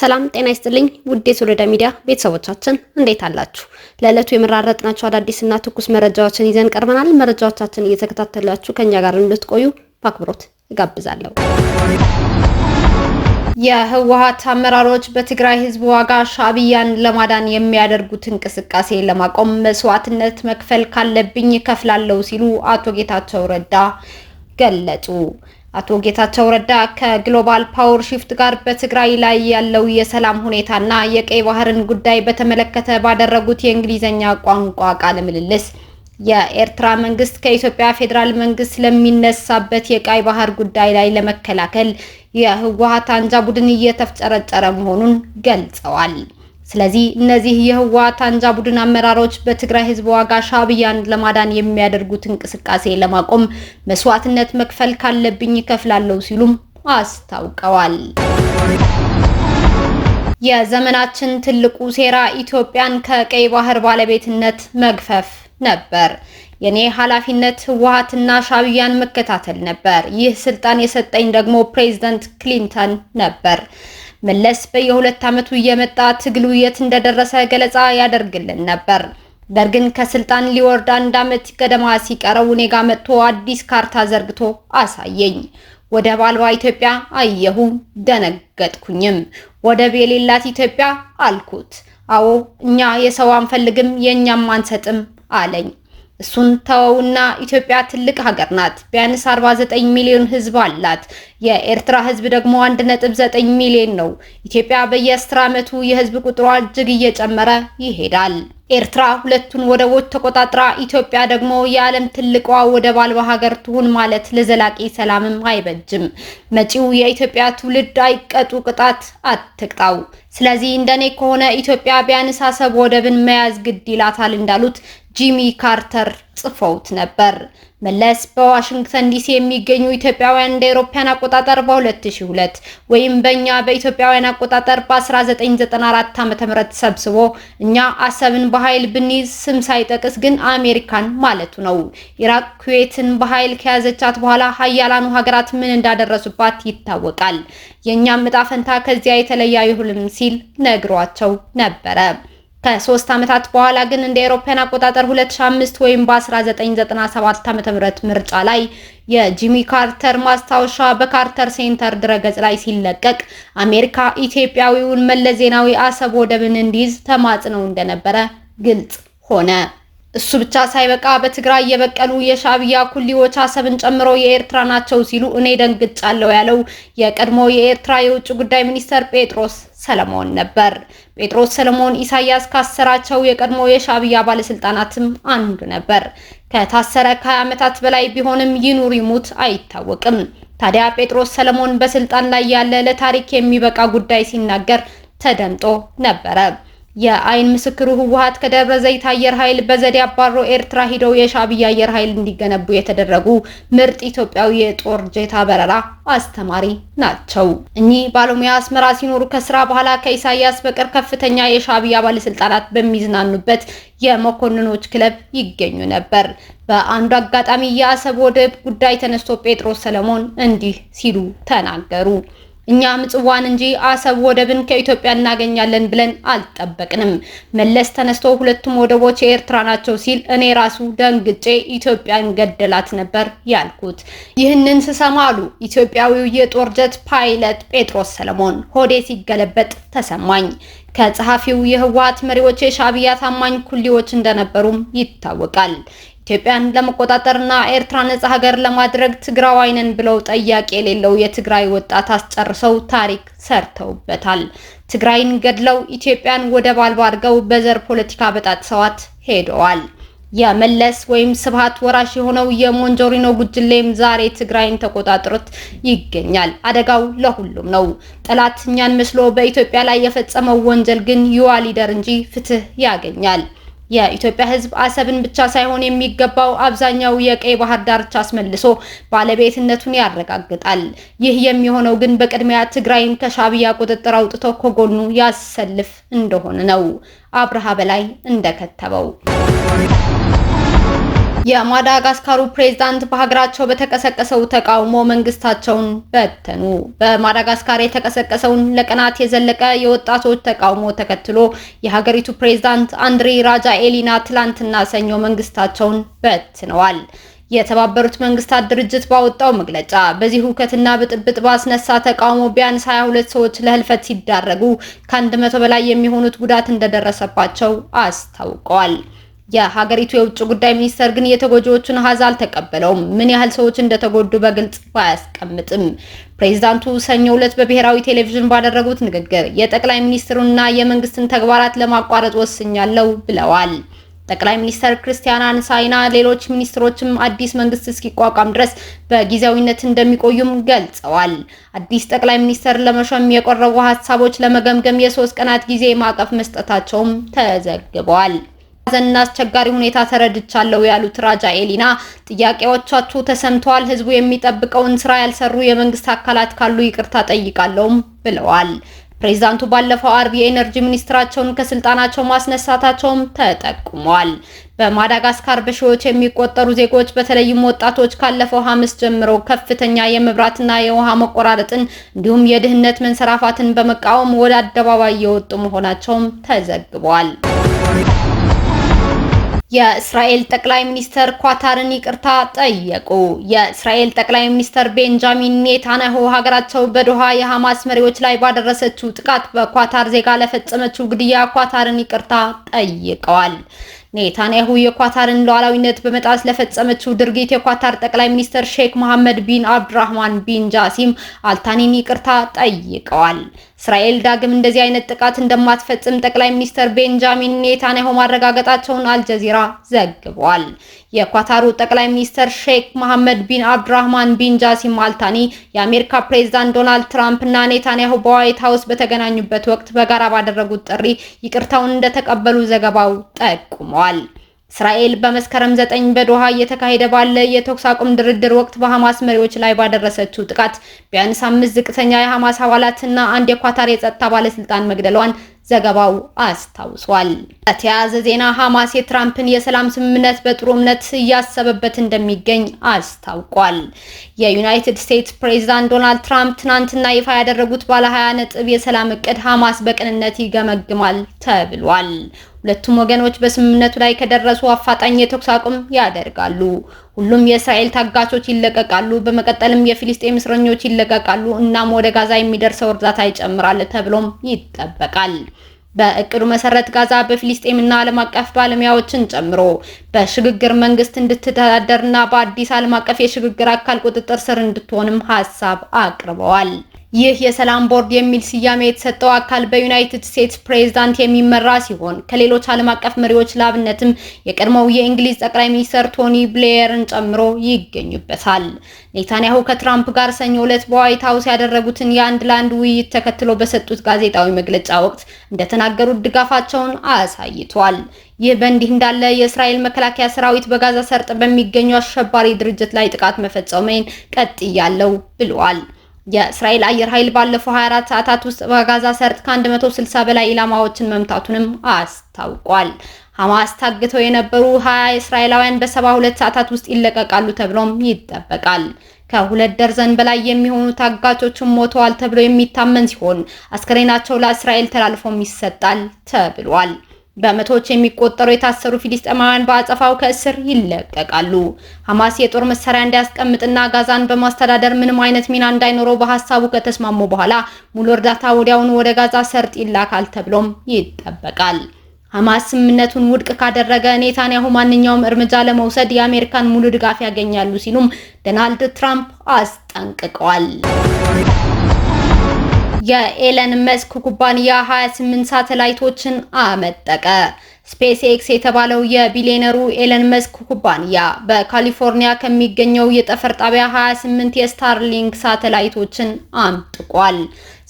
ሰላም ጤና ይስጥልኝ ውዴ ሶሎዳ ሚዲያ ቤተሰቦቻችን እንዴት አላችሁ? ለዕለቱ የመራረጥናቸው አዳዲስና ትኩስ መረጃዎችን ይዘን ቀርበናል። መረጃዎቻችን እየተከታተላችሁ ከኛ ጋር እንድትቆዩ በአክብሮት እጋብዛለሁ። የህወሓት አመራሮች በትግራይ ህዝብ ዋጋ ሻዕብያን ለማዳን የሚያደርጉት እንቅስቃሴ ለማቆም መስዋዕትነት መክፈል ካለብኝ እከፍላለሁ ሲሉ አቶ ጌታቸው ረዳ ገለጹ። አቶ ጌታቸው ረዳ ከግሎባል ፓወር ሺፍት ጋር በትግራይ ላይ ያለው የሰላም ሁኔታና የቀይ ባህርን ጉዳይ በተመለከተ ባደረጉት የእንግሊዝኛ ቋንቋ ቃለ ምልልስ የኤርትራ መንግስት ከኢትዮጵያ ፌዴራል መንግስት ለሚነሳበት የቀይ ባህር ጉዳይ ላይ ለመከላከል የህወሀት አንጃ ቡድን እየተፍጨረጨረ መሆኑን ገልጸዋል። ስለዚህ እነዚህ የህወሓት አንጃ ቡድን አመራሮች በትግራይ ህዝብ ዋጋ ሻዕቢያን ለማዳን የሚያደርጉት እንቅስቃሴ ለማቆም መስዋዕትነት መክፈል ካለብኝ እከፍላለሁ ሲሉም አስታውቀዋል። የዘመናችን ትልቁ ሴራ ኢትዮጵያን ከቀይ ባህር ባለቤትነት መግፈፍ ነበር። የኔ ኃላፊነት ህወሓትና ሻዕቢያን መከታተል ነበር። ይህ ስልጣን የሰጠኝ ደግሞ ፕሬዝዳንት ክሊንተን ነበር። መለስ በየሁለት ዓመቱ እየመጣ ትግሉ የት እንደደረሰ ገለጻ ያደርግልን ነበር። ደርግን ከስልጣን ሊወርድ አንድ ዓመት ገደማ ሲቀረው እኔ ጋ መጥቶ አዲስ ካርታ ዘርግቶ አሳየኝ። ወደብ አልባ ኢትዮጵያ አየሁ፣ ደነገጥኩኝም። ወደብ የሌላት ኢትዮጵያ አልኩት። አዎ እኛ የሰው አንፈልግም የእኛም አንሰጥም አለኝ። እሱን ተወውና ኢትዮጵያ ትልቅ ሀገር ናት። ቢያንስ 49 ሚሊዮን ህዝብ አላት። የኤርትራ ህዝብ ደግሞ 1.9 ሚሊዮን ነው። ኢትዮጵያ በየ10 ዓመቱ የህዝብ ቁጥሯ እጅግ እየጨመረ ይሄዳል። ኤርትራ ሁለቱን ወደቦች ተቆጣጥራ ኢትዮጵያ ደግሞ የዓለም ትልቋ ወደብ አልባ ሀገር ትሁን ማለት ለዘላቂ ሰላምም አይበጅም። መጪው የኢትዮጵያ ትውልድ አይቀጡ ቅጣት አትቅጣው። ስለዚህ እንደኔ ከሆነ ኢትዮጵያ ቢያንስ አሰብ ወደብን መያዝ ግድ ይላታል እንዳሉት ጂሚ ካርተር ጽፈውት ነበር። መለስ በዋሽንግተን ዲሲ የሚገኙ ኢትዮጵያውያን እንደ አውሮፓውያን አቆጣጠር በ2002 ወይም በእኛ በኢትዮጵያውያን አቆጣጠር በ1994 ዓ.ም ሰብስቦ እኛ አሰብን በኃይል ብንይዝ ስም ሳይጠቅስ ግን አሜሪካን ማለቱ ነው። ኢራቅ ኩዌትን በኃይል ከያዘቻት በኋላ ሀያላኑ ሀገራት ምን እንዳደረሱባት ይታወቃል። የእኛም እጣ ፈንታ ከዚያ የተለየ አይሆንም ሲል ነግሯቸው ነበረ። ከሶስት ዓመታት በኋላ ግን እንደ አውሮፓውያን አቆጣጠር 2005 ወይም በ1997 ዓ.ም ምርጫ ላይ የጂሚ ካርተር ማስታወሻ በካርተር ሴንተር ድረገጽ ላይ ሲለቀቅ አሜሪካ ኢትዮጵያዊውን መለስ ዜናዊ አሰብ ወደብን እንዲይዝ ተማጽነው እንደነበረ ግልጽ ሆነ። እሱ ብቻ ሳይበቃ በትግራይ የበቀሉ የሻቢያ ኩሊዎች አሰብን ጨምሮ የኤርትራ ናቸው ሲሉ እኔ ደንግጫለሁ ያለው የቀድሞ የኤርትራ የውጭ ጉዳይ ሚኒስተር ጴጥሮስ ሰለሞን ነበር። ጴጥሮስ ሰለሞን ኢሳያስ ካሰራቸው የቀድሞ የሻቢያ ባለስልጣናትም አንዱ ነበር። ከታሰረ ከ 2 ዓመታት በላይ ቢሆንም ይኑር ይሙት አይታወቅም። ታዲያ ጴጥሮስ ሰለሞን በስልጣን ላይ ያለ ለታሪክ የሚበቃ ጉዳይ ሲናገር ተደምጦ ነበረ። የአይን ምስክሩ ህወሀት ከደብረ ዘይት አየር ኃይል በዘዴ አባሮ ኤርትራ ሂደው የሻዕቢያ አየር ኃይል እንዲገነቡ የተደረጉ ምርጥ ኢትዮጵያዊ የጦር ጄታ በረራ አስተማሪ ናቸው። እኚህ ባለሙያ አስመራ ሲኖሩ ከስራ በኋላ ከኢሳያስ በቀር ከፍተኛ የሻዕቢያ ባለስልጣናት በሚዝናኑበት የመኮንኖች ክለብ ይገኙ ነበር። በአንዱ አጋጣሚ የአሰብ ወደብ ጉዳይ ተነስቶ ጴጥሮስ ሰለሞን እንዲህ ሲሉ ተናገሩ። እኛ ምጽዋን እንጂ አሰብ ወደብን ከኢትዮጵያ እናገኛለን ብለን አልጠበቅንም። መለስ ተነስቶ ሁለቱም ወደቦች የኤርትራ ናቸው ሲል እኔ ራሱ ደንግጬ ኢትዮጵያን ገደላት ነበር ያልኩት። ይህንን ስሰማ አሉ ኢትዮጵያዊው የጦር ጀት ፓይለት ጴጥሮስ ሰለሞን ሆዴ ሲገለበጥ ተሰማኝ። ከጸሐፊው የህወሀት መሪዎች የሻብያ ታማኝ ኩሊዎች እንደነበሩም ይታወቃል። ኢትዮጵያን ለመቆጣጠርና ኤርትራ ነጻ ሀገር ለማድረግ ትግራዋይ ነን ብለው ጠያቄ የሌለው የትግራይ ወጣት አስጨርሰው ታሪክ ሰርተውበታል። ትግራይን ገድለው ኢትዮጵያን ወደብ አልባ አድርገው በዘር ፖለቲካ በጣጥሰዋት ሄደዋል። የመለስ ወይም ስብሃት ወራሽ የሆነው የሞንጆሪኖ ጉጅሌም ዛሬ ትግራይን ተቆጣጥሮት ይገኛል። አደጋው ለሁሉም ነው። ጠላት እኛን መስሎ በኢትዮጵያ ላይ የፈጸመው ወንጀል ግን ዩዋ ሊደር እንጂ ፍትህ ያገኛል የኢትዮጵያ ሕዝብ አሰብን ብቻ ሳይሆን የሚገባው አብዛኛው የቀይ ባህር ዳርቻ አስመልሶ ባለቤትነቱን ያረጋግጣል። ይህ የሚሆነው ግን በቅድሚያ ትግራይን ከሻቢያ ቁጥጥር አውጥቶ ከጎኑ ያሰልፍ እንደሆነ ነው። አብርሃ በላይ እንደከተበው የማዳጋስካሩ ፕሬዝዳንት በሀገራቸው በተቀሰቀሰው ተቃውሞ መንግስታቸውን በተኑ። በማዳጋስካር የተቀሰቀሰውን ለቀናት የዘለቀ የወጣቶች ተቃውሞ ተከትሎ የሀገሪቱ ፕሬዝዳንት አንድሪ ራጃ ኤሊና ትላንትና ሰኞ መንግስታቸውን በትነዋል። የተባበሩት መንግስታት ድርጅት ባወጣው መግለጫ በዚህ ሁከትና ብጥብጥ ባስነሳ ተቃውሞ ቢያንስ 22 ሰዎች ለህልፈት ሲዳረጉ ከ መቶ በላይ የሚሆኑት ጉዳት እንደደረሰባቸው አስታውቀዋል። የሀገሪቱ የውጭ ጉዳይ ሚኒስተር ግን የተጎጂዎቹን ሀዝ አልተቀበለውም። ምን ያህል ሰዎች እንደተጎዱ በግልጽ ባያስቀምጥም ፕሬዚዳንቱ ሰኞ ዕለት በብሔራዊ ቴሌቪዥን ባደረጉት ንግግር የጠቅላይ ሚኒስትሩንና የመንግስትን ተግባራት ለማቋረጥ ወስኛለሁ ብለዋል። ጠቅላይ ሚኒስተር ክርስቲያን አንሳይና ሌሎች ሚኒስትሮችም አዲስ መንግስት እስኪቋቋም ድረስ በጊዜያዊነት እንደሚቆዩም ገልጸዋል። አዲስ ጠቅላይ ሚኒስተር ለመሾም የቀረቡ ሀሳቦች ለመገምገም የሶስት ቀናት ጊዜ ማዕቀፍ መስጠታቸውም ተዘግበዋል። ሐዘንና አስቸጋሪ ሁኔታ ተረድቻለሁ ያሉት ራጃ ኤሊና ጥያቄዎቻችሁ ተሰምተዋል። ህዝቡ የሚጠብቀውን ስራ ያልሰሩ የመንግስት አካላት ካሉ ይቅርታ ጠይቃለሁም ብለዋል። ፕሬዚዳንቱ ባለፈው አርብ የኤነርጂ ሚኒስትራቸውን ከስልጣናቸው ማስነሳታቸውም ተጠቁሟል። በማዳጋስካር በሺዎች የሚቆጠሩ ዜጎች በተለይም ወጣቶች ካለፈው ሐምስ ጀምሮ ከፍተኛ የመብራትና የውሃ መቆራረጥን እንዲሁም የድህነት መንሰራፋትን በመቃወም ወደ አደባባይ የወጡ መሆናቸውም ተዘግቧል። የእስራኤል ጠቅላይ ሚኒስተር ኳታርን ይቅርታ ጠየቁ። የእስራኤል ጠቅላይ ሚኒስተር ቤንጃሚን ኔታንያሁ ሀገራቸው በዶሃ የሐማስ መሪዎች ላይ ባደረሰችው ጥቃት በኳታር ዜጋ ለፈጸመችው ግድያ ኳታርን ይቅርታ ጠይቀዋል። ኔታንያሁ የኳታርን ሉዓላዊነት በመጣስ ለፈጸመችው ድርጊት የኳታር ጠቅላይ ሚኒስትር ሼክ መሐመድ ቢን አብድራህማን ቢን ጃሲም አልታኒን ይቅርታ ጠይቀዋል። እስራኤል ዳግም እንደዚህ አይነት ጥቃት እንደማትፈጽም ጠቅላይ ሚኒስትር ቤንጃሚን ኔታንያሁ ማረጋገጣቸውን አልጀዚራ ዘግቧል። የኳታሩ ጠቅላይ ሚኒስትር ሼክ መሐመድ ቢን አብድራህማን ቢን ጃሲም አልታኒ የአሜሪካ ፕሬዝዳንት ዶናልድ ትራምፕ እና ኔታንያሁ በዋይት ሀውስ በተገናኙበት ወቅት በጋራ ባደረጉት ጥሪ ይቅርታውን እንደተቀበሉ ዘገባው ጠቁሟል። ፈጽመዋል። እስራኤል በመስከረም ዘጠኝ በዶሃ እየተካሄደ ባለ የተኩስ አቁም ድርድር ወቅት በሐማስ መሪዎች ላይ ባደረሰችው ጥቃት ቢያንስ አምስት ዝቅተኛ የሐማስ አባላትና አንድ የኳታር የጸጥታ ባለስልጣን መግደሏን ዘገባው አስታውሷል። በተያያዘ ዜና ሐማስ የትራምፕን የሰላም ስምምነት በጥሩ እምነት እያሰበበት እንደሚገኝ አስታውቋል። የዩናይትድ ስቴትስ ፕሬዚዳንት ዶናልድ ትራምፕ ትናንትና ይፋ ያደረጉት ባለ 20 ነጥብ የሰላም እቅድ ሐማስ በቅንነት ይገመግማል ተብሏል። ሁለቱም ወገኖች በስምምነቱ ላይ ከደረሱ አፋጣኝ የተኩስ አቁም ያደርጋሉ። ሁሉም የእስራኤል ታጋቾች ይለቀቃሉ። በመቀጠልም የፊልስጤም እስረኞች ይለቀቃሉ። እናም ወደ ጋዛ የሚደርሰው እርዳታ ይጨምራል ተብሎም ይጠበቃል። በእቅዱ መሰረት ጋዛ በፊሊስጤም ና ዓለም አቀፍ ባለሙያዎችን ጨምሮ በሽግግር መንግስት እንድትተዳደርና በአዲስ ዓለም አቀፍ የሽግግር አካል ቁጥጥር ስር እንድትሆንም ሀሳብ አቅርበዋል። ይህ የሰላም ቦርድ የሚል ስያሜ የተሰጠው አካል በዩናይትድ ስቴትስ ፕሬዝዳንት የሚመራ ሲሆን ከሌሎች ዓለም አቀፍ መሪዎች ላብነትም የቀድሞው የእንግሊዝ ጠቅላይ ሚኒስትር ቶኒ ብሌየርን ጨምሮ ይገኙበታል። ኔታንያሁ ከትራምፕ ጋር ሰኞ ዕለት በዋይት ሀውስ ያደረጉትን የአንድ ለአንድ ውይይት ተከትሎ በሰጡት ጋዜጣዊ መግለጫ ወቅት እንደተናገሩት ድጋፋቸውን አሳይቷል። ይህ በእንዲህ እንዳለ የእስራኤል መከላከያ ሰራዊት በጋዛ ሰርጥ በሚገኙ አሸባሪ ድርጅት ላይ ጥቃት ቀጥ እያለው ብለዋል። የእስራኤል አየር ኃይል ባለፈው 24 ሰዓታት ውስጥ በጋዛ ሰርጥ ከ160 በላይ ኢላማዎችን መምታቱንም አስታውቋል። ሐማስ ታግተው የነበሩ 20 እስራኤላውያን በ72 ሰዓታት ውስጥ ይለቀቃሉ ተብሎም ይጠበቃል። ከሁለት ደርዘን በላይ የሚሆኑ ታጋቾችም ሞተዋል ተብሎ የሚታመን ሲሆን አስከሬናቸው ለእስራኤል ተላልፎም ይሰጣል ተብሏል። በመቶዎች የሚቆጠሩ የታሰሩ ፊሊስጤማውያን በአጸፋው ከእስር ይለቀቃሉ። ሐማስ የጦር መሳሪያ እንዲያስቀምጥና ጋዛን በማስተዳደር ምንም አይነት ሚና እንዳይኖረው በሀሳቡ ከተስማሙ በኋላ ሙሉ እርዳታ ወዲያውኑ ወደ ጋዛ ሰርጥ ይላካል ተብሎም ይጠበቃል። ሐማስ ስምምነቱን ውድቅ ካደረገ ኔታንያሁ ማንኛውም እርምጃ ለመውሰድ የአሜሪካን ሙሉ ድጋፍ ያገኛሉ ሲሉም ዶናልድ ትራምፕ አስጠንቅቀዋል። የኤለን መስክ ኩባንያ 28 ሳተላይቶችን አመጠቀ። ስፔስ ኤክስ የተባለው የቢሊዮነሩ ኤለን መስክ ኩባንያ በካሊፎርኒያ ከሚገኘው የጠፈር ጣቢያ 28 የስታርሊንክ ሳተላይቶችን አምጥቋል።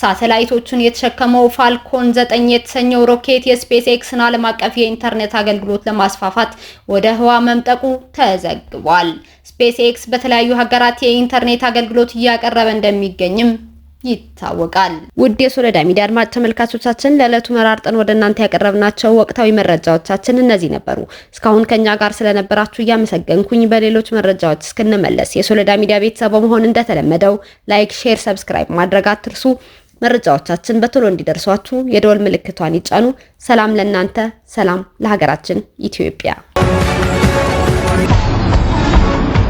ሳተላይቶቹን የተሸከመው ፋልኮን 9 የተሰኘው ሮኬት የስፔስ ኤክስን ዓለም አቀፍ የኢንተርኔት አገልግሎት ለማስፋፋት ወደ ህዋ መምጠቁ ተዘግቧል። ስፔስ ኤክስ በተለያዩ ሀገራት የኢንተርኔት አገልግሎት እያቀረበ እንደሚገኝም ይታወቃል። ውድ የሶለዳ ሚዲያ አድማጭ ተመልካቾቻችን ለዕለቱ መራርጠን ወደ እናንተ ያቀረብናቸው ወቅታዊ መረጃዎቻችን እነዚህ ነበሩ። እስካሁን ከኛ ጋር ስለነበራችሁ እያመሰገንኩኝ በሌሎች መረጃዎች እስክንመለስ የሶለዳ ሚዲያ ቤተሰብ መሆን እንደተለመደው ላይክ፣ ሼር፣ ሰብስክራይብ ማድረግ አትርሱ። መረጃዎቻችን በቶሎ እንዲደርሷችሁ የደወል ምልክቷን ይጫኑ። ሰላም ለእናንተ፣ ሰላም ለሀገራችን ኢትዮጵያ።